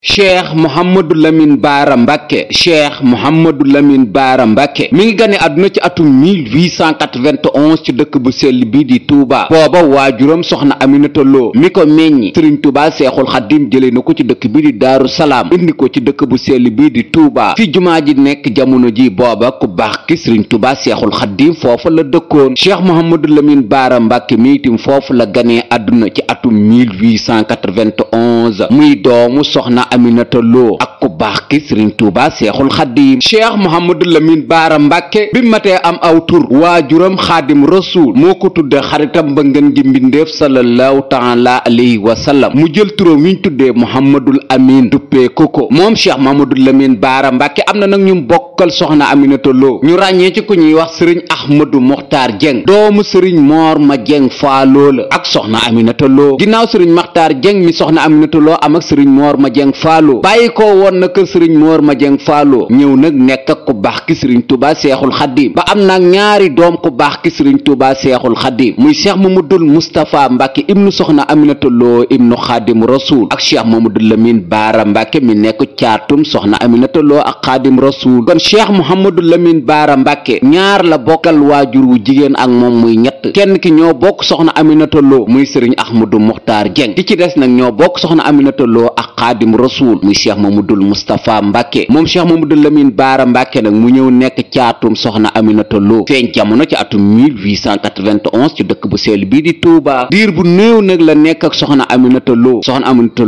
cheikh mohammadu lamin baara mbàkke cheikh mohammadu lamin baara mbàkke mi ngi gane àdduna ci atum 1891 ci dëkk bu sell bi di Touba booba juróom soxna Aminata Lo mi ko meññi Serigne Touba seexul xaddim jële na ko ci dëkk bi di Daaru Salaam indi ko ci dëkk bu sell bi di Touba fi jumaa ji nekk jamono ji booba ku baax ki Serigne Touba seexul xaddim foofa la dëkkoon cheikh mohammadu lamin baara mbàkke mi itam foofu la ganee àdduna ci atum 1891 muy doomu soxna Aminata Lo ak ku baax ki Serigne Touba Seexul Xaddiim Cheikh Mouhamadou Lamine Baara Mbàkke bi matee am aw tur waajuram Xaadim Rasuul moo ko tudde xaritam ba ngeen gi mbindeef sallallahu taala alayhi wa sallam mu jël turam wiñ tuddee Mouhamadul Amin duppee koko moom Cheikh Mouhamadou Lamine Baara Mbàkke am na nag ñu bokkal soxna Aminata Lo ñu ràññee ci ku ñuy wax Serigne Ahmadou Mokhtar Dieng doomu Serigne moor ma Dieng Faaloo la ak soxna Aminata Lo ginnaaw Serigne Mokhtar Dieng mi soxna Aminata Lo am ak Serigne ma Dieng faalu bàyyi ko woon kër sëriñ moor ma jeng faalu ñëw nag nekk ak ku baax ki sëriñ tuuba seexul xaddim ba am na ñaari doom ku baax ki sëriñ tuuba seexul xaddim muy cheikh mamadul mustapha mbàkke ibnu soxna aminata loo ibnu xaadim rasul ak cheikh mamadul lamin baara mbàkke mi nekk caatum soxna aminata loo ak xaadim rasul kon cheikh mohamadul lamin baara mbàkke ñaar la bokkal waajur wu jigéen ak moom muy ñett kenn ki ñoo bokk soxna aminata loo muy sëriñ ahmadu muxtaar jeng ki ci des nag ñoo bokk soxna aminata loo ak rasul muy cheikh mamadul moustapha mbàkke moom cheikh mamadul lamin baara mbàkke nag mu ñëw nekk caatum soxna aminata loo feeñ jamono ci atum 1891 ci dëkk bu sell bii di Touba diir bu néew nag la nekk ak soxna aminata loo soxna aminata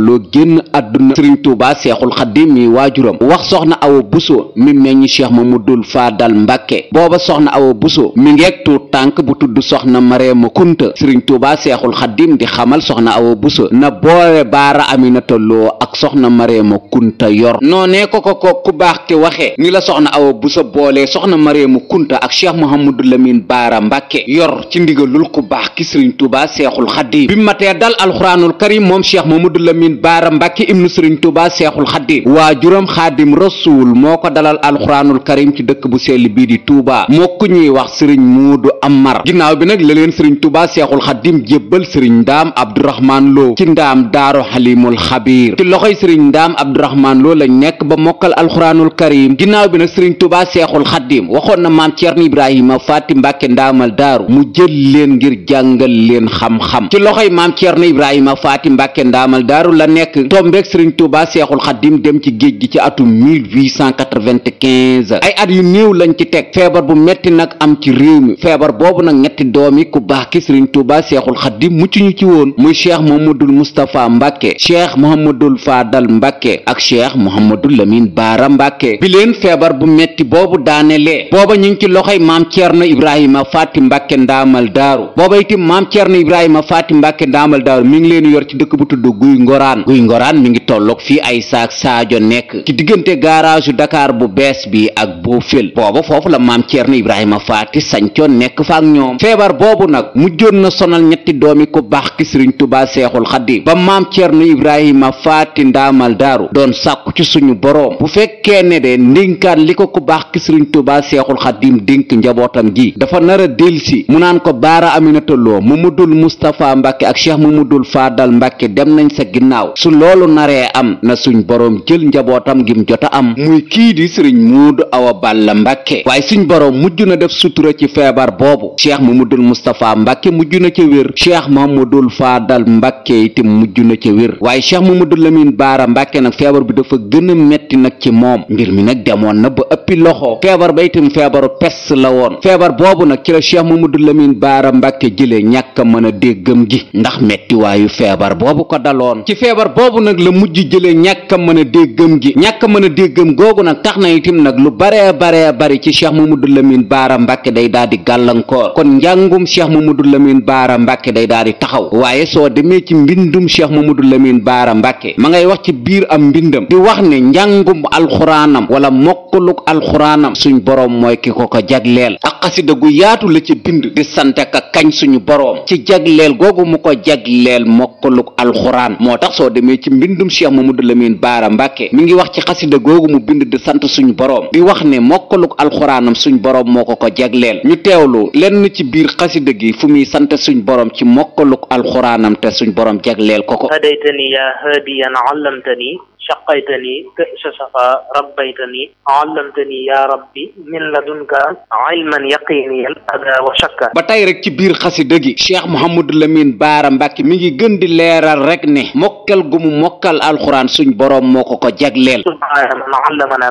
seexul xaddim mi waajuram wax soxna awa buso mi meññ cheikh mamadul faadal mbàkke booba soxna awa buso mi ngeeg tuut tànk bu tudd soxna mareema kunta sëriñ Touba seexul xaddim di xamal soxna awa buso na boole baara aminata loo ak soxna Mariama Kunta yor noonee ko ko ko ku baax ki waxee ni la soxna Awa Bousso boolee soxna Mariama Kunta ak Cheikh Mouhamadou Lamine Baara Mbàkke yor ci ndigalul ku baax ki Sëriñ Tuuba Seexul Xadiim bi matee dal alxuraanul karim moom Cheikh Mouhamadou Lamine Baara Mbàkke ibnu Sëriñ Tuuba Seexul Xadiim waajuram Xaadim Rasuul moo ko dalal alxuraanul karim ci dëkk bu sell bii di Tuuba moo ku ñuy wax Sëriñ Muudu Amar ginnaaw bi nag la leen Sëriñ Tuuba Seexul Xadiim jébbal Sëriñ Ndaam Abdourahmaan Lo ci Ndaam Daaru Xalimul Xabiir ci loxoy Sëriñ sëriñ ndaam abdourahmaan loo lañ nekk ba mokkal alxuraanul karim ginnaaw bi nag sëriñ tubaa seexul xaddim waxoon na maam ceerno ibrahima faati mbàkke ndaamal daaru mu jël leen ngir jàngal leen xam-xam ci loxoy maam ceerno ibrahima faati mbàkke ndaamal daaru la nekk tombeek sëriñ tubaa seexul xaddim dem ci géej gi ci atum 1895 ay at yu néew lañ ci teg feebar bu metti nag am ci réew mi feebar boobu nag ñetti doomi ku baax ki sëriñ tubaa seexul xaddim mucc ñu ci woon muy cheikh mahamadul moustapha mbàkke cheikh mahamadul faadal Abdoul Mbacke ak Cheikh Mouhamadou Lamine Baara Mbacke bi leen feebar bu metti boobu daanelee booba ñu ngi ci loxoy maam Thierno Ibrahima Faati Mbacke Ndaamal Daaru booba itam maam Thierno Ibrahima Faati mbàkke Ndaamal Daaru mi ngi leen yor ci dëkk bu tudd Guy Ngoraan Guy Ngoraan mu ngi tolloog fii ay saak Saajo nekk ci diggante garage Dakar bu bees bi ak bu Boofil booba foofu la maam nu Ibrahima Faati sancoon nekk fa ak ñoom feebar boobu nag mujjoon na sonal ñetti doomi ko baax ki Sëriñ Tuubaa Seexul Xadiim ba maam amal daaru doon sàkku ci suñu boroom bu fekkee ne de ndinkaan li ko ku baax ki sëriñ tubaa seexul xadim dénk njabootam gi dafa nar a delsi mu naan ko baara aminata mu mamadul mustafaa mbakke ak mu mamadul faadal mbàkke dem nañ sa ginnaaw su loolu naree am na suñ boroom jël njabootam jot a am muy kii di sëriñ muudu awa balla mbakke waaye suñ boroom mujj na def sutura ci feebar boobu cheikh mamadul mustapha mbàkke mujj na ca wér cheikh mamadul faadal mbàkke itam mujj na ca wér waaye cheikh mamadul lamin baara Baara Mbàkke nag feebar bi dafa gën a metti nag ci moom mbir mi nag demoon na ba ëpp loxo feebar ba itam feebaru pes la woon feebar boobu nag ci la mu Mamadou Lamine Baara Mbàkke jëlee ñàkk a mën a déggam gi ndax mettiwaayu feebar boobu ko daloon ci feebar boobu nag la mujj jëlee ñàkk a a déggam gi ñàkk mën a déggam googu nag tax na itam nag lu baree baree bari ci Cheikh Mamadou Lamine Baara mbakke day daal di gàllankoor kon njàngum Cheikh Mamadou lemin Baara mbakke day daal di taxaw waaye soo demee ci mbindum Cheikh Mamadou Lamine Baara Mbàkke ma ngay wax ci ci biir am mbindam bi wax ne njàngum alxuraanam wala mokkaluk alxuraanam suñu borom mooy ki ko ko jagleel ak xasida gu yaatu la ci bind di sante ka kañ suñu boroom ci jagleel googu mu ko jagleel mokkaluk alxuraan moo tax soo demee ci mbindum cheikh mamadou lamine baara mbàkke mi ngi wax ci xasida googu mu bind di sant suñu boroom di wax ne mokkaluk alxuraanam suñ boroom moo ko ko jagleel ñu teewlu lenn ci biir xasida gi fu muy sant suñu boroom ci mokkaluk alxuraanam te suñ boroom jagleel ko ko xamante ni shaqaytani safa rabbaytani allamtani ya rabbi min ladunka ilman ba tey rek ci biir xasida gi cheikh mouhamadou lamine baara mbàkke mi ngi gën di leeral rek ne mokkal gu mu mokkal alxuraan suñ boroom moo ko ko jagleel subhaana man allamana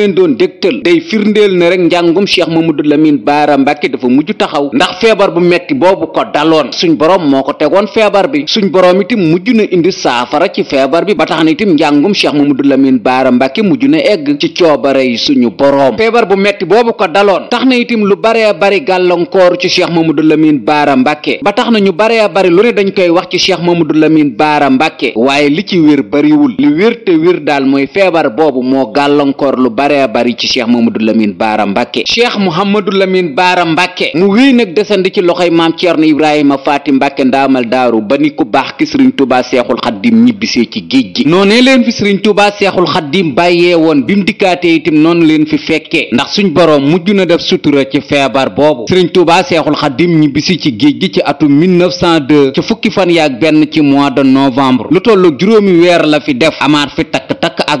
leen doon dégtal day firndeel ne rek njàngum cheikh mouhamadou lamine baara mbàkke dafa mujj taxaw ndax feebar bu metti boobu ko daloon suñ boroom moo ko tegoon feebar bi suñ boroom itam mujj na indi saafara ci feebar bi ba tax na itam njàngum cheikh mamadou lamine baara mbàkke mujj na egg ci coobare yi suñu boroom feebar bu metti boobu ko daloon tax na itam lu baree bari gàllankoor ci cheikh mamadou lamine baara mbàkke ba tax na ñu baree bari lu dañ koy wax ci cheikh mamadou lamine baara mbàkke waaye li ci wér bariwul li wér te wér daal mooy feebar boobu moo gàllankoor lu baree bari ci cheikh mamadou lamine baara mbàkke cheikh mouhamadou lamine baara mbàkke mu wéy nag desandi ci loxoy maam ceerno ibrahima faati mbàkke ndaamal daaru ba ni ku baax ki sëriñ seexul xaddim ñibbisee ci géej gi noonee leen fi sëriñ tuubaa seexul xaddim bàyyee woon bi mu dikkaatee itam noonu leen fi fekkee ndax suñ boroom mujj na def sutura ci feebar boobu sëriñ tuubaa seexul xaddim ñibbisi ci géej gi ci atum 1902 ci fukki fan yaak benn ci mois de novembre lu tollu juróomi weer la fi def amaat fi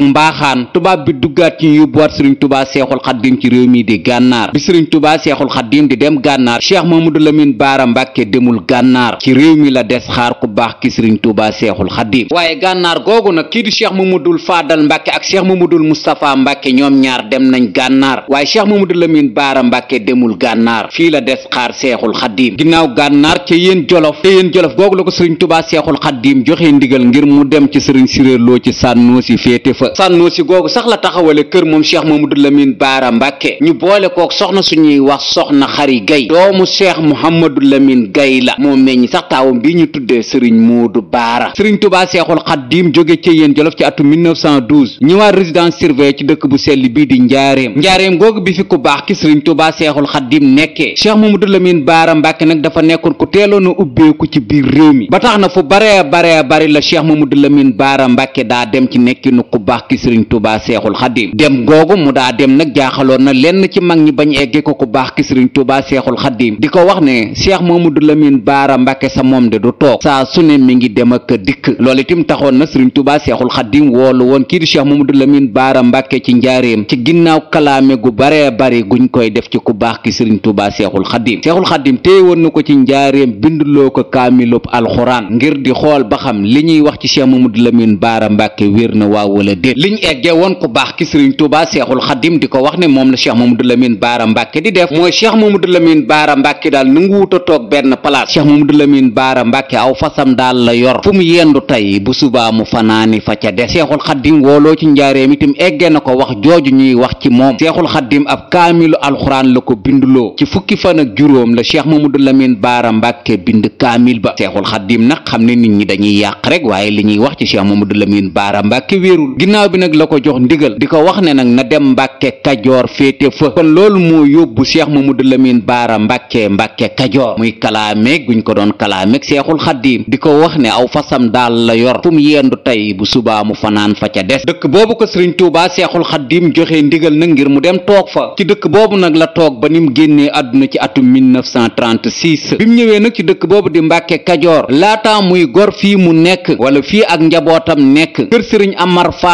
ak mbaaxaan tubaab bi duggaat ci ñu yóbbuwaat sëriñ tubaa seexul xaddim ci réew mi di gànnaar bi sëriñ tubaa seexul xaddim di dem gànnaar cheikh mamadou lamine baara mbàkke demul gànnaar ci réew mi la des xaar ku baax ki sëriñ tubaa seexul xaddim waaye gànnaar googu nag kii di cheikh mamadul faadal mbàkke ak cheikh mamadul moustapha mbàkke ñoom ñaar dem nañ gànnaar waaye cheikh mamadou lamine baara mbàkke demul gànnaar fii la des xaar seexul xaddim ginnaaw gànnaar ca yéen jolof ca yéen jolof googu la ko sëriñ tubaa seexul xaddim joxe ndigal ngir mu dem ci sëriñ siréer loo ci sànnoo féete fa sànnoo si googu sax la taxawale kër moom cheikh mamadou lamine baara mbàkke ñu boole kook soxna suñuy wax soxna xari gay doomu cheikh mouhamadou lamine gay la moom meññ sax taawam bi ñu tuddee sëriñ moodu baara sëriñ tubaa seexul xaddiim jóge ci yéen jolof ci atum 1912 ñëwaat résidence surveillée ci dëkk bu sell bii di njaareem njaareem googu bi fi ku baax ki sëriñ tubaa seexul xaddiim nekkee cheikh mamadou lamine baara mbàkke nag dafa nekkoon ku teeloon ubbeeku ci biir réew mi ba tax na fu bare bare bari la cheikh mamadou lamine baara mbàkke daa dem ci nekkinu ku baax baax ki sëriñ tubaa seexul xadim dem googu mu daa dem nag jaaxaloon na lenn ci mag ñi bañ egge ko ku baax ki sëriñ tubaa seexul xadim di ko wax ne cheikh mamadou lamine baara mbàkke sa moom de du toog saa su ne mi ngi dem ak dikk loolu itam taxoon na sëriñ tubaa seexul xadim woolu woon kii di cheikh mamadou lamine baara mbàkke ci njaareem ci ginnaaw kalaame gu baree bari guñ koy def ci ku baax ki sëriñ tubaa seexul xadim seexul xadim téye woon na ko ci njaareem binduloo ko kaamilub alxuraan ngir di xool ba xam li ñuy wax ci cheikh mamadou lamine baara mbàkke wér na waaw wala déet liñ eggee woon ku baax ki sëriñ Tuubaa Seexul Xadim di ko wax ne moom la Cheikh Mamadou Lamine Baara Mbàkke di def mooy Cheikh Mamadou Lamine Baara Mbàkke daal nanguwut a toog benn place Cheikh Mamadou Lamine Baara Mbàkke aw fasam daal la yor fu mu yendu tey bu subaa mu fanaani fa ca Seexul Xadim wooloo ci njaareem itam eggee na ko wax jooju ñuy wax ci moom Seexul Xadim ab kaamilu alxuraan la ko binduloo ci fukki fan ak juróom la Cheikh Mamadou Lamine Baara Mbàkke bind kaamil ba Seexul Xadim nag xam ne nit ñi dañuy yàq rek waaye li ñuy wax ci Cheikh Mamadou Lamine Baara Mbàkke wéerul ginnaaw bi nag la ko jox ndigal di ko wax ne nag na dem mbàkke kajoor féete fa kon loolu moo yóbbu ma mu lamine baara mbàkke mbàkke kajoor muy kalaameeg guñ ko doon kalaameeg seexul xaddiim di ko wax ne aw fasam daal la yor fu mu yendu tey bu subaa mu fanaan fa ca des dëkk boobu ko sëriñ tuubaa seexul xaddiim joxe ndigal nag ngir mu dem toog fa ci dëkk boobu nag la toog ba ni mu génnee àdduna ci atum 1936 bi mu ñëwee nag ci dëkk boobu di mbàkke kajoor laataa muy gor fii mu nekk wala fii ak njabootam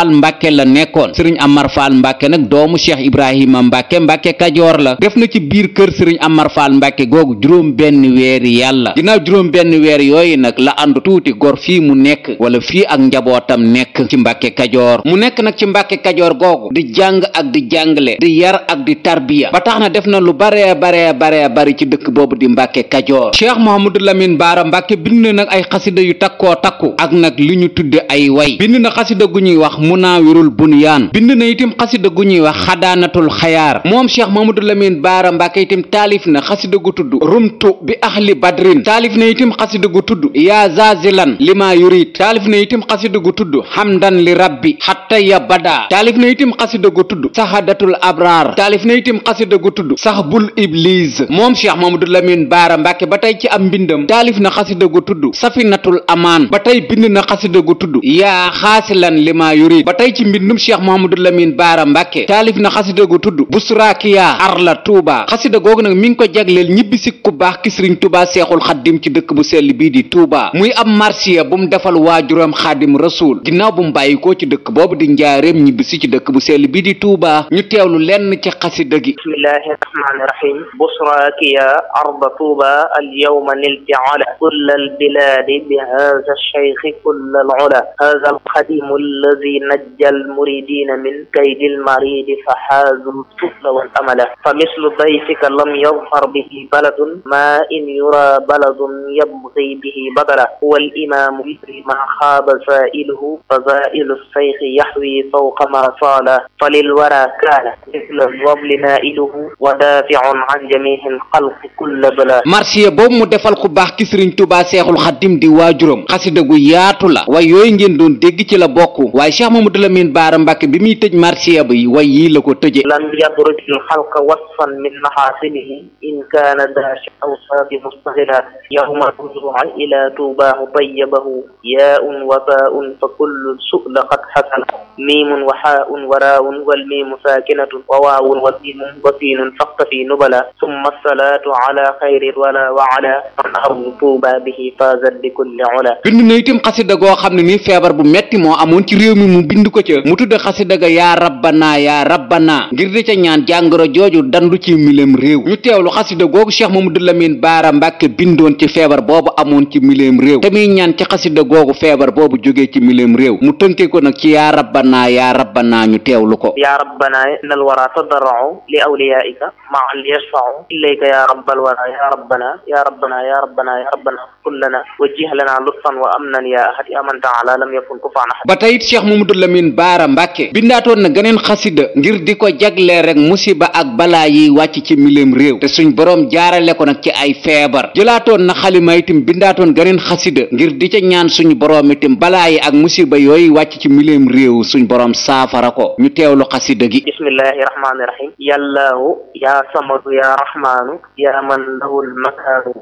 Fall Mbàkke la nekkoon sëriñ Amar Fall Mbàkke nag doomu Cheikh Ibrahima Mbàkke Mbàkke Kajoor la def na ci biir kër sëriñ Amar Fall Mbàkke googu juróom benn weeri yàlla ginnaaw juróom benn weer yooyu nag la ànd tuuti gor fii mu nekk wala fii ak njabootam nekk ci Mbàkke Kajoor mu nekk nag ci Mbàkke Kajoor googu di jàng ak di jàngale di yar ak di tarbiya ba tax na def na lu baree baree baree bari ci dëkk boobu di Mbàkke Kajoor Cheikh Mouhamadou Lamine Baara Mbàkke bind na ay xasida yu takkoo takku ak nag munaawirul bunyaan bind na itam xasida gu ñuy wax xadaanatul xayaar moom cheikh mamadou lamine baara mbàkke itam taalif na xasida gu tudd rumtu bi ahli badrin taalif na itam xasida gu tudd yaa zazilan lima yurid taalif na itam xasida gu tudd xamdan li rabbi xatta ya bada taalif na itam xasida gu tudd sahadatul abraar taalif na itam xasida gu tudd sax bul iblis moom cheikh mamadou lamine baara mbàkke ba tey ci am mbindam taalif na xasida gu tudd safinatul amaan ba tey bind na xasida gu tudd yaa xaasilan lima yurid ba tey ci mbindum cheikh mohamadou lamine baara mbàkke taalif na xasida gu tudd busraakiya arla tuuba xasida googu nag mi ngi ko jagleel ñibbi si ku baax ki sëriñ tuuba seexul xaddim ci dëkk bu sell bii di tuuba muy ab marsiya bu mu defal waajuram xaadim rasuul ginnaaw bu mu bàyyikoo ci dëkk boobu di njaareem ñibbisi ci dëkk bu sell bii di tuuba ñu teewlu lenn ci xasida gi bismillahi rahmani rahim busraakiya arda tuuba al yawma nilti ala kull al biladi bi نجى المريدين من كيد المريد فحازوا الطفل والأمل فمثل ضيفك لم يظفر به بلد ما إن يرى بلد يبغي به بدلا هو الإمام ما خاب سائله فزائل الشيخ يحوي فوق ما صال فللورى كان مثل الوبل نائله ودافع عن جميع الخلق كل بلا marsiya boobu mu defal ku baax ki sëriñ tubaa seexul xadim di waajuram xasida gu yaatu la waaye yooyu ngeen doon dégg ci la bokk waaye Mamadou Lamine Baara Mbàkke bi muy tëj marsiya bi way yii la ko tëje lam yadrujul xalqa wasfan min maxaasinihi in kaana daasha aw saati mustaxilat yawma tujra ila tuubaahu tayyabahu yaaun wa baaun fa kullu su'la qad xasana miimun wa xaaun wa raawun wal miimu saakinatun wa waawun wa siinun wa siinun faqtafi nubala summa salaatu ala xayri wala wa ala man aw tuuba bihi faazat bi kulli ula bind na itam xasida goo xam ne nii feebar bu metti moo amoon ci réew mi mu bind ko ca mu tudde xasida ga yaa rabbana yaa rabbana ngir di ca ñaan jàngoro jooju dandu ci milem réew ñu teewlu xasida googu cheikh mamadou lamine baara mbàkke bindoon ci feebar boobu amoon ci milem réew te muy ñaan ci xasida googu feebar boobu jógee ci milem réew mu tënkee ko nag ci ya rabbana yaa rabbana ñu teewlu ko yaa rabbana nal wara tadarra'u li awliyaika ma'an li yashfa'u ilayka yaa rabbal wara yaa rabbana yaa rabbana yaa rabbana yaa rabbana kullana wajjih lana lutfan wa ya ahad ya man ta'ala lam yakun kufan ahad Lamin Baara Mbàkke bindaatoon na geneen xasida ngir di ko jaglee rek musiba ak balaa yi wàcc ci mileem réew te suñ boroom jaarale ko nag ci ay feebar jëlaatoon na xalima itam bindaatoon geneen xasida ngir di ca ñaan suñu boroom itam balaa yi ak musiba yooyu wàcc ci mileem réew suñ borom saafara ko ñu teewlu xasida gi bismillahi rahmaani rahim yallaahu yaa samadu yaa rahmaanu yaa man lahul makaanu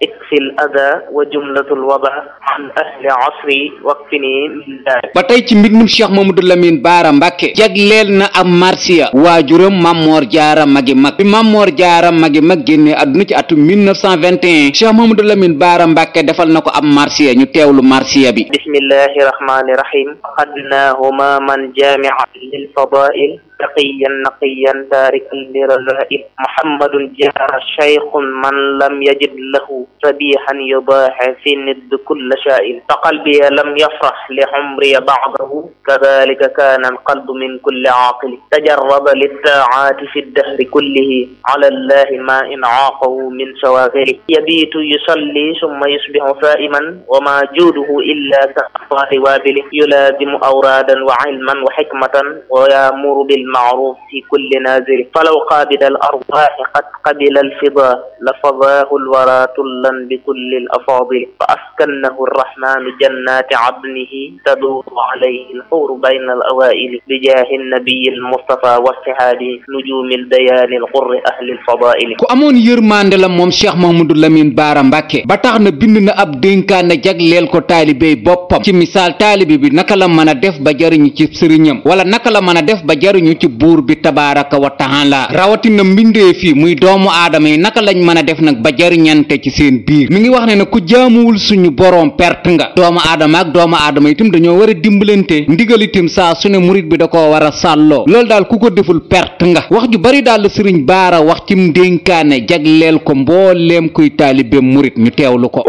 iksil ada wa jumlatul waba an ahli asri wakfini min daari ba tey ci mbindum cheikh mamadou lamine baara mbàkke jagleel na ab marsiya waajuram mammoor jaara magi mag bi mammoor jaara magi mag génne àdduna ci atum 1921 cheikh mamadou lamine baara mbàkke defal na ko ab marsiya ñu teewlu marsiya bi bismillahi rahmani rahim xadnaahuma man jaamia lil fadail taqiyan naqiyan taarikan liradail muhammadun jaara cheikhun man lam yajid lahu sabihan yubaaxe fi nidd kulla shaa'il fa qalbiya lam yafrax li umriya bacdahu kadalika kaana alqalbu min kulli aaqili tajarraba littaaati fi ddahri kullihi ala allahi ma in aaqahu min sawaafiri yabiitu yusalli summa yusbihu saa'iman wa ma juuduhu illa kaataahi waabili yulaazimu awraadan wa ilman wa xikmatan wa yaamuru bilmaaruf fi kulli naaziri falaw qaabida al arwaaxi qad qabila alfidaa la fadaahu lwara tullan bi kulli al afaadili fa askannahu arrahmaanu jannaati cadnihi taduuru alayhi الفخور بين الأوائل بجاه النبي المصطفى واتحاد نجوم الديان القر أهل الفضائل ku amoon yërmande la moom Cheikh Mouhamadou Lamine Bara Mbacké ba tax na bind na ab dénkaan na jagleel ko taalibe boppam ci misaal taalibe bi naka la mën a def ba jariñu ci sëriñam wala naka la mën a def ba jariñu ci buur bi tabaaraka wa taala na mbindee fii muy doomu aadama yi naka lañ mën a def nag ba jariñante ci seen biir mi ngi wax ne ne ku jaamuwul suñu boroom perte nga doomu aadama ak doomu aadama itam dañoo war a dimbalante ndigal itam saa su ne murit bi da ko war a sàlloo loolu daal ku ko deful perte nga wax ju bari daal la sëriñ baara wax ci ndénkaane jagleel ko mbooleem kuy taalibe murit ñu teewlu ko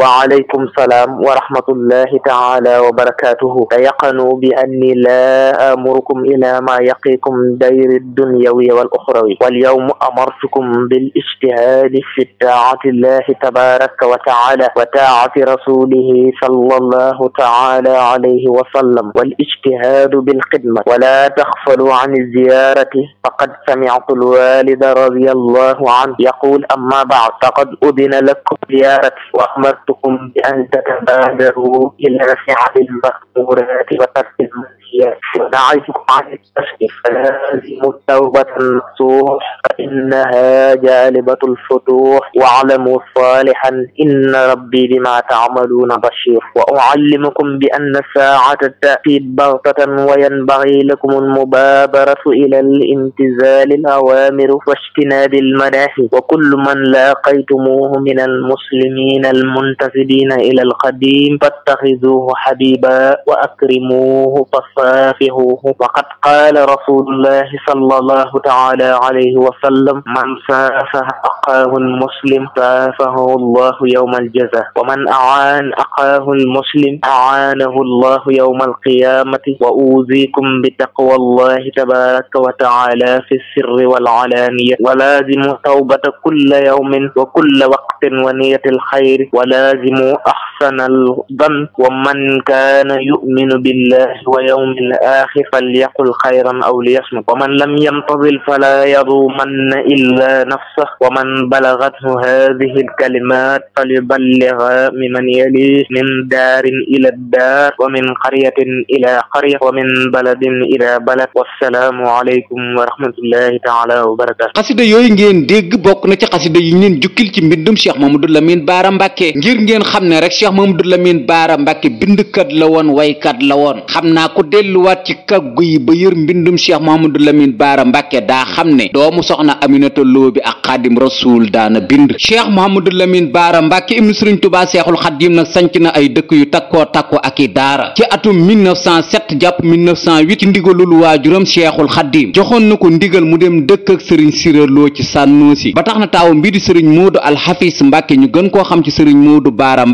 taala wa barakatuhu la yaqanuu bi anni laa amurukum ila maa yaqiikum dayri dunyawiya wal uxrawi wal yawma amartukum bil ijtihaadi fi taati llahi tabaraka wa taala wa taati rasulihi sallallahu taala alayhi wa sallam wal ijtihaadu bil xidma wala taxfalu an ziyarati faqad samictu alwalida radiyallahu anhu yaqul amma ba'd faqad udina lakum ziyarati wa amartukum bi an tatabadaruu ila بالمقدور عاقبة المنهيات ونعيتكم عن الكشف فلازم التوبة النصوح فإنها جالبة الفتوح واعلموا صالحا إن ربي بما تعملون بشير وأعلمكم بأن الساعة تأتي بغتة وينبغي لكم المبادرة إلى الامتثال الأوامر واجتناب المناهي وكل من لاقيتموه من المسلمين المنتسبين إلى القديم فاتخذوه حبيبا وأكرموه فصافحوه وقد قال رسول الله صلى الله تعالى عليه وسلم من سافح أخاه المسلم سافحه الله يوم الجزاء ومن أعان أخاه المسلم أعانه الله يوم القيامة وأوصيكم بتقوى الله تبارك وتعالى في السر والعلانية ولازموا توبة كل يوم وكل وقت ونية الخير ولازموا أحسن الظن ومن kaana yuminu billahi wa yawmi al axir falyaqul xayran aw liyasmut wa man lam yantazil fala yadumanna illa nafsah wa man balagathu hadihi alkalimat falyuballigha mimman yalih min daarin ila daar wa min qaryatin ila qarya wa min baladin ila balad wassalaamu aleykum wa rahmatullahi taala wa barakatu xasida yooyu ngeen dégg bokk na ci xasida yi ñu leen jukkil ci mbindum Cheikh Mamadou Lamine Bara Mbacke ngir ngeen xam ne rek Cheikh Mamadou Lamine Bara Mbacke bind bind kat la woon waykat la woon xam naa ku delluwaat ci kaggu yi ba yër mbindum cheikh mahamadou lamine baara mbàkke daa xam ne doomu soxna aminata loo bi ak xaadim rasuul daana bind cheikh mahamadou lamine baara mbàkke ibnu sëriñ tubaa seexul xaadim nag sanc na ay dëkk yu takkoo takko ak i daara ci atum 1907 jàpp 1908 ci ndigalul waajuram seexul xaadim joxoon na ko ndigal mu dem dëkk ak sëriñ siraloo ci sànnoosi ba tax na taaw mbii di sëriñ moodu alxafis mbàkke ñu gën koo xam ci sëriñ moodu baara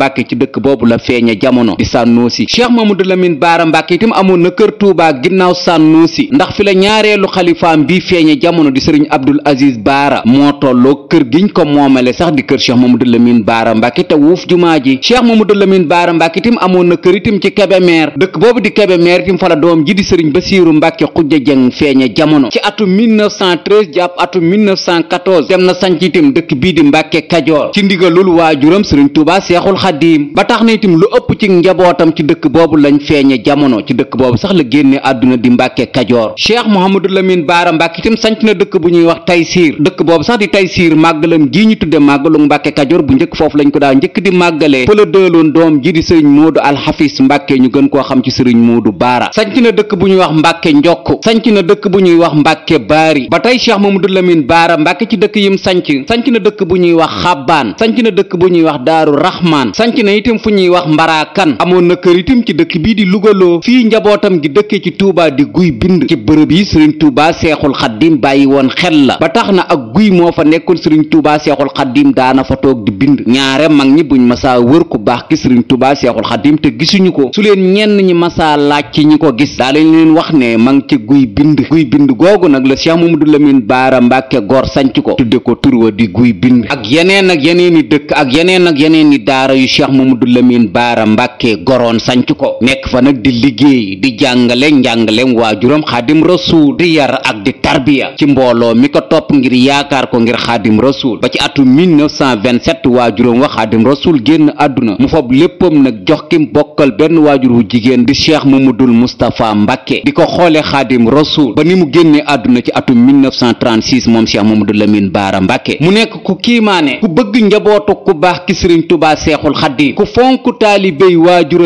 Sanusi Cheikh Mamadou Lamine Baara Mbàkke itam amoon na kër Touba ginnaaw Sanusi ndax fi la ñaareelu xalifaam bi feeñe jamono di sëriñ Abdul Aziz Baara moo tolloo kër giñ ko moomale sax di kër Cheikh Mamadou Lamine Baara Mbàkke te wuuf jumaa ji Cheikh Mamadou Lamine Baara Mbàkke itam amoon na kër itam ci Kébémer dëkk boobu di Kébémer itam fa la doom ji di sëriñ ba Mbàkke Xujja Jeng feeñe jamono ci atum 1913 jàpp atum 1914 dem na sanc itam dëkk bii di Mbàkke Kajoor ci ndigalul waajuram sëriñ Touba Seexul Xadiim ba tax na itam lu ëpp itam ci dëkk boobu lañ feeñe jamono ci dëkk boobu sax la génne àdduna di mbàkke kajoor cheikh mohamadou lamine baara mbàkke itam sanc na dëkk bu ñuy wax taysiir dëkk boobu sax di taysiir màggalam gii ñu tudde màggalu mbàkke kajoor bu njëkk foofu lañ ko daa njëkk di màggalee fëla dëeloon doom ji di sëriñ moodu alxafis mbàkke ñu gën koo xam ci sëriñ moodu baara sanc na dëkk bu ñuy wax mbàkke njokk sanc na dëkk bu ñuy wax mbàkke baari ba tey cheikh mohamadou lamine baara mbàkke ci dëkk yim sanc sanc na dëkk bu ñuy wax xabbaan sanc na dëkk bu ñuy wax daaru raxmaan sanc na itam fu ñuy wax mbaraakan amoon na kër itam ci dëkk bii di lugaloo fii njabootam gi dëkke ci Touba di guy bind ci bërëb yi sëriñ Touba seexul xaddim bàyyi woon xel la ba tax na ak guy moo fa nekkoon sëriñ Touba seexul xaddim daana fa toog di bind ñaare mag ñi buñ masaa wër ku baax ki sëriñ Touba seexul xaddim te gisuñu ko su leen ñenn ñi masaa laaj ci ñi ko gis daa lañ leen wax ne ma ngi ci guy bind guy bind googu nag la Cheikh du Lamine Baara Mbàkke gor sanc ko tudde ko tur wa di guy bind ak yeneen ak yeneen i dëkk ak yeneen ak yeneen i daara yu Cheikh Mamadou Lamine Baara Mbàkke gor yoroon sanc ko nekk fa nag di liggéey di jàngale njàngalem waajuram xaadim rasuul di yar ak di tarbiya ci mbooloo mi ko topp ngir yaakaar ko ngir xaadim rasuul ba ci atum 1927 waajuram wa xaadim rasuul génn àdduna mu fob léppam nag jox kim bokkal benn waajur wu jigéen di mu cheikh mamadul mustapha mbàkke di ko xoole xaadim rasuul ba ni mu génnee àdduna ci atum 1936 moom cheikh mamadou lamine baara mbàkke mu nekk ku kiimaane ku bëgg njabootu ku baax ki sëriñ tubaa seexul xaddiim ku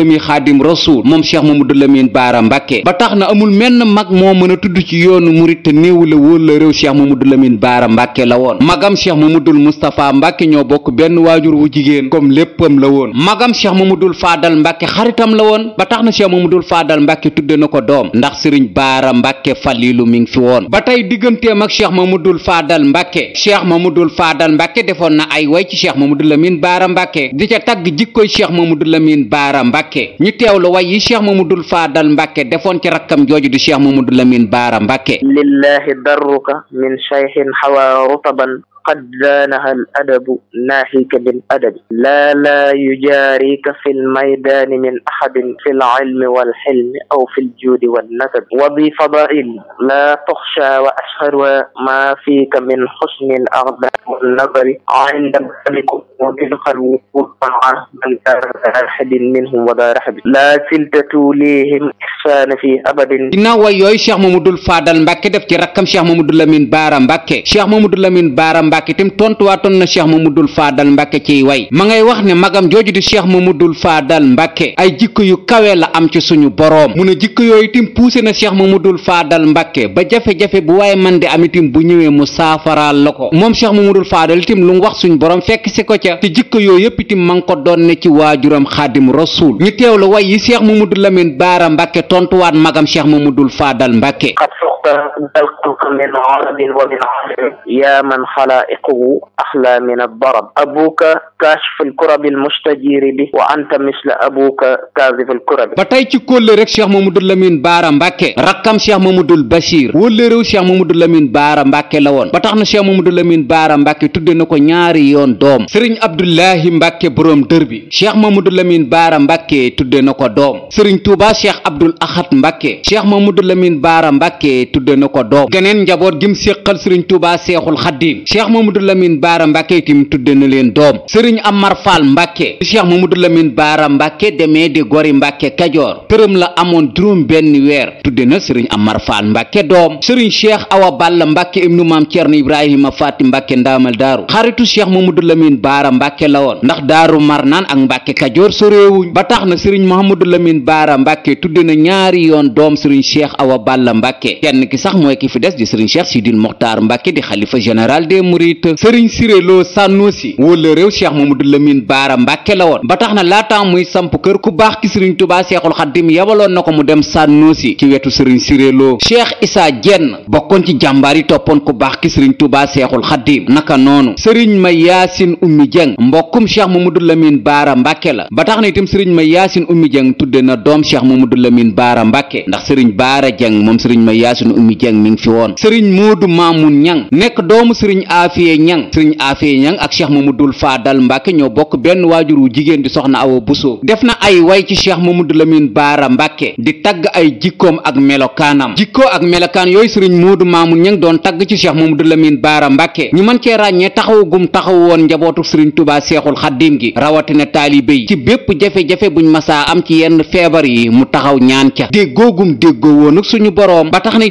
jëmi xaadim rasuul moom cheikh mamadou lamine baara mbàkke ba tax na amul mag moo mën a tudd ci yoonu murit te néewu la wóor la réew cheikh mamadou lamine baara mbàkke la woon magam cheikh mamadul moustapha mbàkke ñoo bokk benn waajur wu jigéen comme léppam la woon magam ma cheikh mamadul faadal mbàkke xaritam la woon ba tax na ma cheikh mamadul faadal mbàkke tudde na ko doom ndax sëriñ baara mbàkke falilu mi fi woon ba tey digganteem ak cheikh mamadul faadal mbàkke cheikh mamadul faadal mbàkke defoon na ay way ci cheikh mamadou lamine baara mbàkke di ca tagg jikkoy cheikh mamadou lamine baara mbàkke mbàkke ñu teewlu way yi cheikh dul faadal mbàkke defoon ci rakkam jooju di cheikh mamadou min baara mbàkke lillahi darruka min shayhin hawa rutaban قد دانها الأدب ناهيك بالأدب لا لا يجاريك في الميدان من أحد في العلم والحلم أو في الجود والنسب وبفضائل لا تخشى وأشهر ما فيك من حسن الأغداء والنظر عند ابتلكم وتلقى الوصول مع من دار رحب منهم ودا رحب لا زلت توليهم إحسان في أبد ginnaaw way yooyu Cheikh Mamadou Fadal Mbacké def ci rakkam Cheikh Mamadou Lamine Bara Mbacké Cheikh Mamadou Lamine Bara Mbacké Mbàkke itam tontuwaatoon na Cheikh Mamadul Faadal Mbàkke ciy way ma ngay wax ne magam jooju di Cheikh Mamadul Faadal Mbàkke ay jikko yu kawe la am ci suñu boroom mu ne jikko yooyu itam puuse na Cheikh Mamadul Faadal mbakke ba jafe-jafe bu waaye man di amitim bu ñëwee mu saafaraal la ko moom Cheikh Mamadul Faadal itam lu wax suñu boroom fekk si ko ca te jikko yooyu yëpp itam ma ko doon ne ci waajuram Xaadim Rasuul ñu teewlu way yi Cheikh Mamadul Lamin Baara Mbàkke tontuwaat magam ma Mamadul Faadal Mbàkke تلقنك من عرب ومن عجم يا من خلائقه أحلى من الضرب أبوك كاشف الكرب المستجير به وأنت مثل أبوك كاذب الكرب ba tey ci kóllëre rek Cheikh Mamadou Lamine Baara Mbacke rakkam Cheikh Mamadou Bachir wóllërew Cheikh Mamadou Lamine Baara Mbacke la woon ba tax na Cheikh Mamadou Lamine Baara Mbacke tudde na ko ñaari yoon doom Serigne Abdoulahi Mbacke borom dër bi Cheikh Mamadou Lamine Baara Mbacke tudde na ko doom Serigne Touba Cheikh Abdoul Ahad Mbacke Cheikh Mamadou Lamine Baara Mbacke tudde na ko doom geneen njaboot gim séqal sëriñ Tuubaa seexul xaddiim cheikh Mamadou Lamine Baara Mbàkke itam tudde na leen doom sëriñ Amar Fall Mbàkke cheikh Mamadou Lamine Baara Mbàkke demee di gori Mbàkke Kajoor tërëm la amoon juróom benn weer tudde na sëriñ Amar Fall Mbàkke doom sëriñ cheikh Awa Balla Mbàkke ibnu maam Ceerno Ibrahima Faati Mbàkke ndaamal daaru xaritu cheikh Mamadou Lamine Baara Mbàkke la woon ndax daaru Marnaan ak Mbàkke Kajoor soréewuñ ba tax na sëriñ Mamadou Lamine Baara Mbàkke tudde ñaari yoon doom sëriñ cheikh Awa Balla Mbàkke kenn kenn ki sax mooy ki fi des di sëriñ cheikh sidil moxtaar mbàkke di xalifa général des mourides sëriñ siréloo sànnusi wóola réew cheikh mamadou lamine baara mbàkke la woon ba tax na laataa muy samp kër ku baax ki sëriñ tubaa seexul xaddim yebaloon na ko mu dem sànnusi ci wetu sëriñ siréloo cheikh isaa jenn bokkoon ci jàmbaar yi toppoon ku baax ki sëriñ tubaa seexul xaddim naka noonu sëriñ ma yaasin ummi jëng mbokkum cheikh mamadou lamine baara mbàkke la ba tax na itam sëriñ ma yaasin ummi jëng tudde na doom cheikh mamadou lamine baara mbàkke ndax sëriñ baara jëng moom sëriñ ma suñu ummi jeng mi ngi fi woon sëriñ moodu maamun ñang nekk doomu sëriñ aafiye ñan sëriñ aafiye ñan ak cheikh mamadul faadal mbàkke ñoo bokk benn waajur wu jigéen di soxna awa buso def na ay way ci cheikh mamadou lamin baara mbàkke di tagg ay jikkoom ak melokaanam jikko ak melokaan yooyu sëriñ moodu maamun ñang doon tagg ci cheikh mamadou lamin baara mbàkke ñu mën cee ràññee taxaw gum taxaw woon njabootu sëriñ tubaa seexul xaddim gi rawatina taalibe yi ci bépp jafe-jafe buñ masaa am ci yenn feebar yi mu taxaw ñaan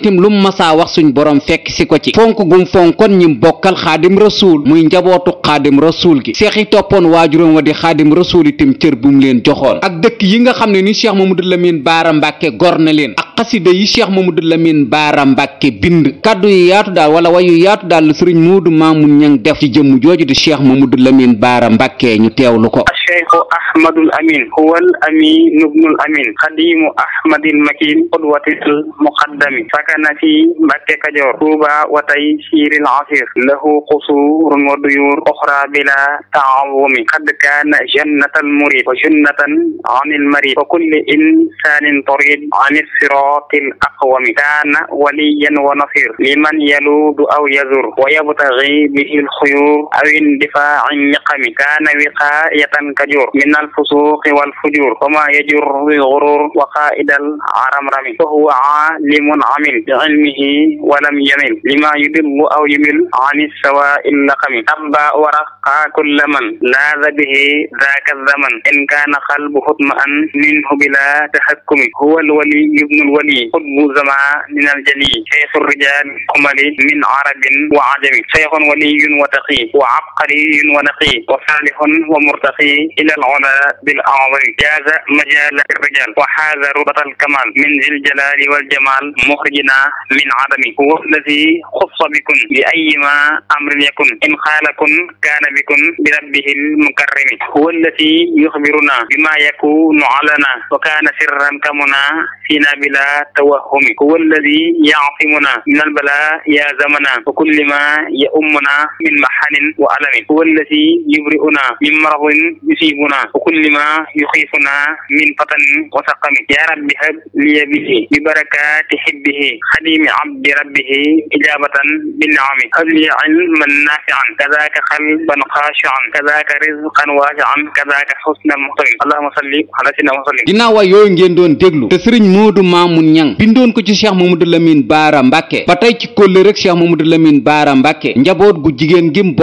itam lu mu masaa wax suñ borom fekk si ko ci fonk gum fonkoon ñim bokkal xaadim rasuul muy njabootu xaadim rasuul gi seex yi toppoon waajuram wa di xaadim rasuul itam cër bu mu leen joxoon ak dëkk yi nga xam ne ni cheikh mamadou lamine baara mbàkke gor na leen ak xasida yi cheikh mamadou lamine baara mbàkke bind kàddu yu yaatu daal wala wayu yaatu daal la sëriñ muudu maamun ñang def ci jëmm jooju di cheikh mamadou lamine baara mbàkke ñu teewlu ko cheikhu ahmadul amin huwal amin nubnul amin xadimu ahmadil makin qudwatil muqaddami sakana fi Mbàkke Kajoor tuuba watay siiril asir lahu qusurun wa duyur oxra bila taawumi qad kaana jannatal murid wa jannatan anil marid wa kulli insanin turid anis siratil aqwami kaana waliyan wa nasir liman yaludu aw yazur wa yabtaghi bihi al khuyur aw indifa'in niqami kaana wiqayatan kajoor minal fusuqi wal fujur wama yajur bil ghurur wa qaidal aramrami fa huwa alimun amil bi ilmihi walam yamil lima yudillu aw yumil ani sawaa'il laqami abba wa raqa kulla man laaza bihi dhaka zaman in kana qalbuhu mutma'an minhu bila tahakkumi huwa alwali ibnu alwali qutbu zamanin aljali shaykhu الرجال القمل من عرب وعجم شيخ ولي وتقي وعبقري ونقي وصالح ومرتقي إلى العلا بالأعظم جاز مجال الرجال وحاز رتبة الكمال من ذي الجلال والجمال مخرجنا من عدمه هو الذي خص بكم بأيما أمر يكن إن خالكم كان بكم بربه المكرم هو الذي يخبرنا بما يكون علنا وكان سرا كمنا فينا بلا توهم هو الذي يعصمنا من البلاء يا زمنا وكل ما يؤمنا من محن وألم هو الذي يبرئنا من مرض يصيبنا وكل ما يخيفنا من فتن وسقم يا رب هب لي به ببركات حبه خديم عبد ربه إجابة بالنعم هب لي علما نافعا كذاك قلبا خاشعا كذاك رزقا واسعا كذاك حسنا محتوم اللهم صل على سيدنا محمد ginnaaw waay yooyu ngeen doon déglu te sëriñ Modou Mamoun Niang bindoon ko ci Cheikh Mamadou Lamine Baara Mbacke ba tey ci kólle rek Cheikh Mamadou Lamine Baara Mbacke njaboot gu jigéen gi mu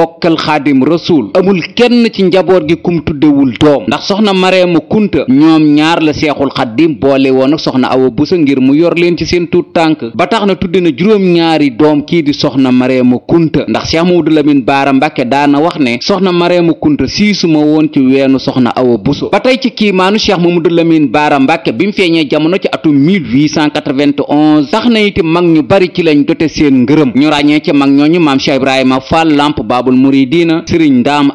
Xaadim Rasuul amul kenn ci njaboot gi kum tuddewul doom ndax soxna mareema kunta ñoom ñaar la seexul xaddim boole woon ak soxna awa busa ngir mu yor leen ci seen tuut tànk ba tax na tudde na juróom-ñaari doom kii di soxna mareema kunta ndax seex mamadu lamin baara mbàkke daana wax ne soxna mareema kunta siisuma woon ci weenu soxna awa buso ba tey ci kiimaanu seex mamadu lamin baara mbàkke bi mu feeñee jamono ci atum 1891 tax na itam mag ñu bari ci lañ jote seen ngërëm ñu ràññee ci mag ñooñu maam cheikh ibrahima fall lamp baabul muridina sëriñ ndaam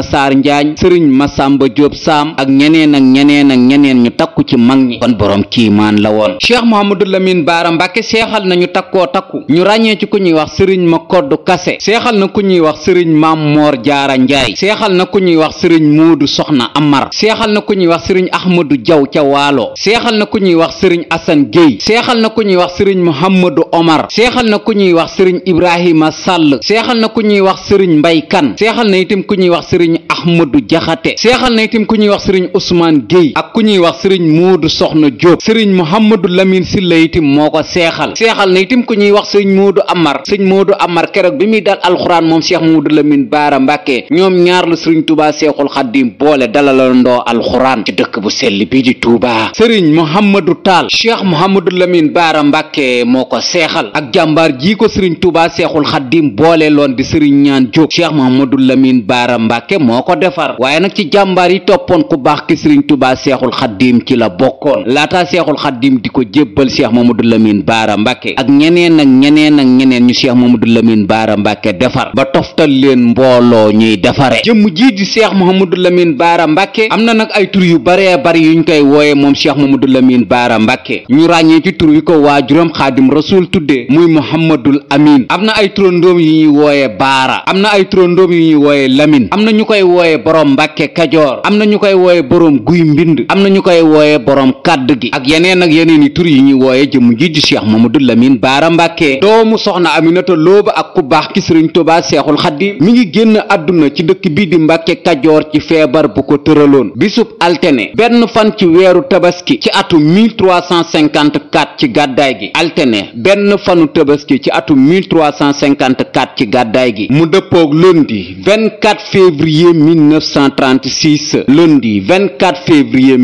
Massar Njaañ sëriñ Massamba Diop Saam ak ñeneen ak ñeneen ak ñeneen ñu takk takku ci mag ñi kon boroom kiimaan la woon cheikh mohamadou lamine baara mbàkke seexal nañu takkoo takku ñu ràññee ci ku ñuy wax sëriñ ma koddu kase seexal na ku ñuy wax sëriñ maam moor jaara njaay seexal na ku ñuy wax sëriñ muudu soxna amar seexal na ku ñuy wax sëriñ ahmadu jaw ca waalo seexal na ku ñuy wax sëriñ asan géy seexal na ku ñuy wax sëriñ muhammadu omar seexal na ku ñuy wax sëriñ ibrahima sàll seexal na ku ñuy wax sëriñ mbay kan seexal na itam ku ñuy wax sëriñ ahmadu jaxate seexal na itam ku ñuy wax sëriñ usmaan ak ku ñuy wax sëriñ Moodu Soxna Diop sëriñ Mouhamadou Lamine Silla itam moo ko seexal seexal na itam ku ñuy wax sëñ Moodu Amar sëñ Moodu Amar keroog bi muy dal alxuraan moom Cheikh Moodu Lamine Baara Mbàkke ñoom ñaar la sëriñ Touba Seexul Xaddim boole dalal ndoo alxuraan ci dëkk bu sell bii di Touba sëriñ Mouhamadou taal Cheikh Mouhamadou Lamine Baara Mbàkke moo ko seexal ak jàmbaar jii ko sëriñ Touba Seexul Xaddim boole loon di sëriñ ñaan Diop Cheikh Mouhamadou Lamine Baara Mbàkke moo ko defar waaye nag ci jàmbaar yi toppoon ku baax ki sëriñ Touba Seexul Xaddim ci la bokkoon laataa seexul xaddim di ko jébbal cheikh mamadou lamine baara mbàkke ak ñeneen ak ñeneen ak ñeneen ñu cheikh mamadou lamine baara mbàkke defar ba toftal leen mbooloo ñuy defare jëmm jii di cheikh mamadou lamine baara mbàkke am na nag ay tur yu baree bari yuñ koy wooye moom cheikh mamadou lamine baara mbàkke ñu ràññee ci tur yu ko waajuram xaadim rasul tudde muy muhammadul amin am na ay turandoom yu ñuy wooye baara am na ay turandoom yu ñuy wooye lamin am na ñu koy wooye borom mbàkke kajoor am na ñu koy wooye borom guy mbind am na wooye boroom kàddu gi ak yeneen ak yeneen i tur yi ñuy wooye jëmm ji ji cheikh mamadou lamine baara mbàkke doomu soxna aminata looba ak ku baax ki sëriñ tubaa seexul xaddim mu ngi génn àdduna ci dëkk bi di mbàkke kajoor ci feebar bu ko tëraloon bisub altene benn fan ci weeru tabaski ci atu 1354 ci gàddaay gi altene benn fanu tabaski ci atu 1354 ci gàddaay gi mu dëppoog lundi 24 février 1936 lundi 24 février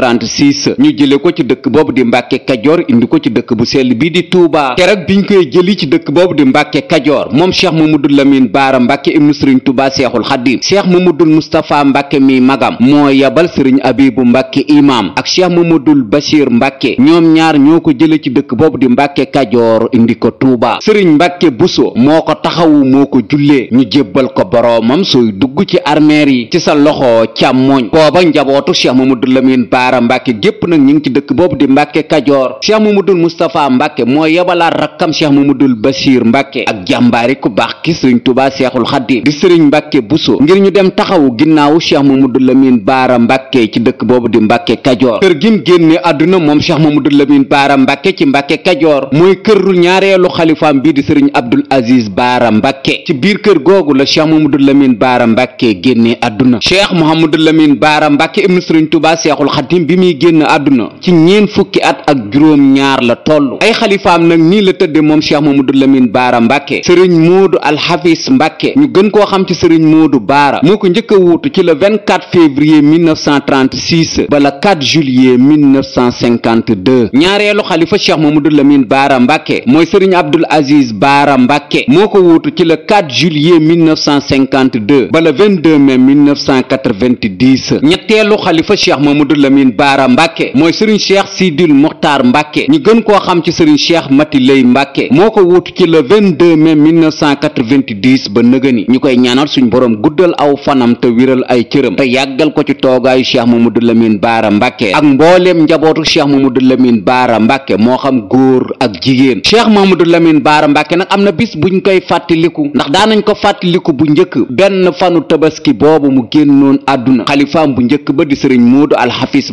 1936 ñu jële ko ci dëkk boobu di mbàkke kajoor indi ko ci dëkk bu sell bii di Touba keroog biñ koy jëli ci dëkk boobu di mbàkke kajoor moom cheikh mamadul lamin baara mbàkke ibnu sëriñ Touba seexul xadim cheikh mamadul mustapha mbàkke mi magam moo yabal sëriñ abibu mbàkke imam ak cheikh dul bachir mbàkke ñoom ñaar ñoo ko jële ci dëkk boobu di mbàkke kajoor indi ko Touba sëriñ mbàkke buso moo ko taxawu moo ko jullee ñu jébbal ko boroomam sooy dugg ci armeer yi ci sa loxo càmmooñ booba njabootu cheikh mamadul lamin jaara mbàkke gépp nag ñu ngi ci dëkk boobu di mbàkke kajoor cheikh mamadul moustapha mbàkke moo yebalaat rakkam cheikh mamadul basir mbàkke ak jàmbaari ku baax ki sëriñ tubaa seexul xaddi di sëriñ mbàkke buso ngir ñu dem taxawu ginnaawu cheikh mamadul lamin baara mbàkke ci dëkk boobu di mbàkke kajoor kër gim génne àdduna moom cheikh mamadul lamin baara mbàkke ci mbàkke kajoor mooy kërul ñaareelu xalifaam bii di sëriñ abdul aziz baara mbàkke ci biir kër googu la cheikh mamadul lamin baara mbàkke génne àdduna cheikh mahamadul lamin baara mbàkke ibnu sëriñ tubaa seexul xaddi ni bi muy génn àdduna ci ñeen fukki at ak juróom ñaar la toll ay xalifaam nag nii la tëdde moom cheikh mamadou lamine baara mbàkke sëriñ moodu alxafis mbàkke ñu gën koo xam ci sëriñ moodu baara moo ko njëkk a wuutu ci le 24 février 1936 ba la 4 juillet 1952 ñaareelu xalifa cheikh mamadou lamine baara mbàkke mooy sëriñ abdul aziz baara mbàkke moo ko wuutu ci le 4 juillet 1952 ba le 22 mai 1990 ñetteelu xalifa cheikh mamadou lamine Lamine Baara Mbàkke mooy sëriñ cheikh Sidil Mokhtar Mbàkke ñu gën koo xam ci sëriñ cheikh Mati Lay Mbàkke moo ko wuutu ci le 22 mai 1990 ba nëgëni ñu koy ñaanal suñu boroom guddal aw fanam te wiral ay cëram te yàggal ko ci toogaayu cheikh Mamadou Lamine Baara Mbàkke ak mbooleem njabootu cheikh Mamadou Lamine Baara Mbàkke moo xam góor ak jigéen cheikh Mamadou Lamine Baara Mbàkke nag am na bis buñ koy fàttaliku ndax daanañ ko fàttaliku bu njëkk benn fanu tabaski boobu mu génnoon àdduna xalifaam bu njëkk ba di sëriñ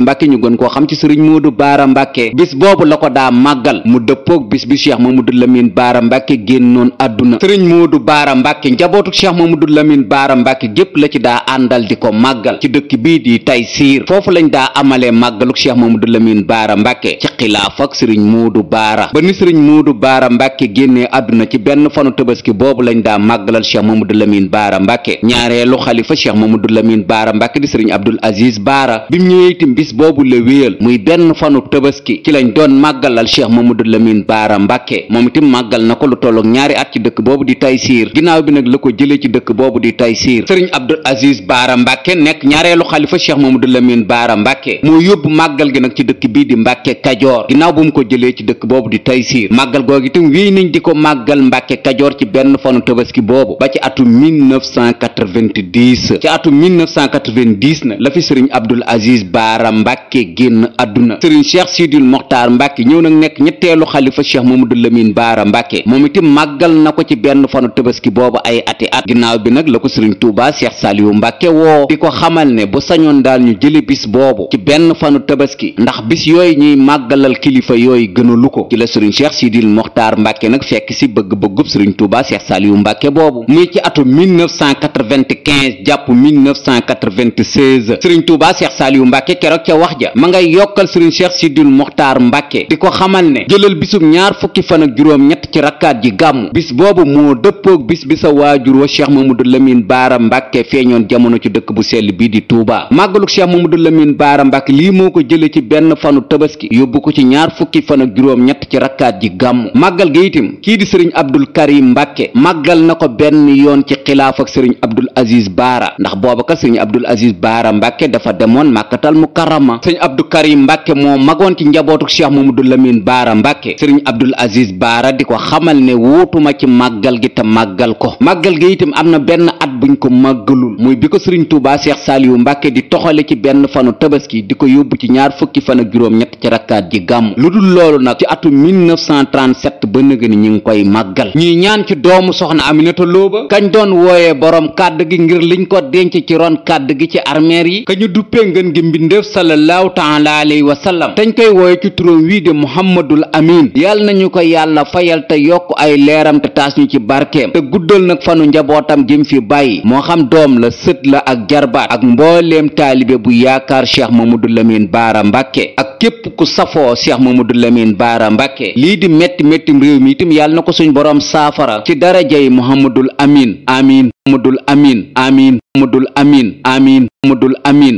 Mbàkke ñu gën koo xam ci sëriñ Moodu Baara Mbàkke bis boobu la ko daa maggal mu dëppoog bis bi Cheikh Mamadou Lamine Baara Mbàkke génnoon àdduna sëriñ Moodu Baara Mbàkke njabootu Cheikh Mamadou Lamine Baara Mbàkke gépp la ci daa àndal di ko màggal ci dëkk bii di Taysiir foofu lañ daa amalee màggaluk Cheikh Mamadou Lamine Baara Mbàkke ci xilaaf ak sëriñ Moodu Baara ba ni sëriñ Moodu Baara Mbàkke génnee àdduna ci benn fanu tabaski boobu lañ daa màggalal Cheikh Mamadou Lamine Baara Mbàkke ñaareelu xalifa Cheikh Mamadou Lamine Baara Mbàkke di sëriñ Abdul Aziz Baara boobu la wéyal muy benn fanub tabaski ci lañ doon màggalal cheikh mamadou lamine baara mbàkke moom itam màggal na ko lu tolloog ñaari at ci dëkk boobu di Taysiir ginnaaw bi nag la ko jëlee ci dëkk boobu di Taysiir sëriñ Abdul Aziz baara mbàkke nekk ñaareelu xalifa cheikh mamadou lamine baara mbàkke moo yóbbu màggal gi nag ci dëkk bii di mbàkke kajoor ginnaaw bu mu ko jëlee ci dëkk boobu di Taysiir màggal googu itam wéy nañ di ko màggal mbàkke kajoor ci benn fanu tabaski boobu ba ci atu 1990 ci atu 1990 na la fi sëriñ Abdul Aziz baara Mbàkke génn àdduna sëriñ Cheikh Sidil Moxtaar Mbàkke ñëw nag nekk ñetteelu xalifa Cheikh Mamadou Lamine Baara Mbàkke moom itam màggal na ko ci benn fanu tabaski boobu ay ati at ginnaaw bi nag la ko sëriñ Touba Cheikh Saliou Mbàkke woo di ko xamal ne bu sañoon daal ñu jële bis boobu ci benn fanu tabaski ndax bis yooyu ñuy màggalal kilifa yooyu gënalu ko ci la sëriñ Cheikh Sidil Moxtaar Mbàkke nag fekk si bëgg-bëggub sëriñ Touba Cheikh Saliou Mbàkke boobu muy ci atu 1995 jàpp 1996 sëriñ Touba Cheikh Saliou Mbàkke keroog ca wax ja ma ngay yokkal sëriñ cheikh sidil muxtaar mbàkke di ko xamal ne jëlal bisum ñaar fukki fan ak juróom ñett ci rakkaat ji gàmmu bis boobu moo dëppoog bis bi sa waajur wa cheikh mamadou lamine baara mbàkke feeñoon jamono ci dëkk bu sell bii di tuubaa màggaluk cheikh mamadou lamine baara mbàkke lii moo ko jële ci benn fanu tabaski yóbbu ko ci ñaar fukki fan ak juróom ñett ci rakkaat ji gàmmu màggal ga itam kii di sëriñ abdul karim mbàkke màggal na ko benn yoon ci xilaaf ak sëriñ abdul aziz baara ndax booba ka sëriñ abdul aziz baara mbàkke dafa demoon màkkatal xam-xama sëriñ abdou karim mbàkke moo magoon ci njabootuk cheikh mamadou lamine baara mbàkke sëriñ abdul aziz baara di ko xamal ne wóotuma ci màggal gi te maggal ko màggal gi itam am na benn at buñ ko màggalul muy bi ko sëriñ tuubaa cheikh saaliyu mbàkke di toxale ci benn fanu tabaski di ko yóbbu ci ñaar fukki fan ak juróom ñett ci rakkaat ji gàmm lu dul loolu nag ci atu 1937 ba nëgëni ñi ngi koy màggal ñuy ñaan ci doomu soxna aminata looba kañ doon wooyee boroom kàdd gi ngir liñ ko denc ci ron kàdd gi ci ka ñu duppee sallallahu taala wa sallam dañ koy wooye ci turam wii de muhammadul amin yàlla nañu ko yàlla fayal te yokk ay leeram te taas ñu ci barkeem te guddal nag fanu njabootam gim fi bàyyi moo xam doom la sët la ak jarbaat ak mbooleem taalibe bu yaakaar cheikh mamadou lamine baara mbàkke ak képp ku safoo cheikh mamadou lamine baara mbàkke lii di métti méttim réew mi itam yàlla na ko suñ boroom saafara ci darajay muhammadul amin amin muhammadul amin amin muhammadul amin amin muhammadul amin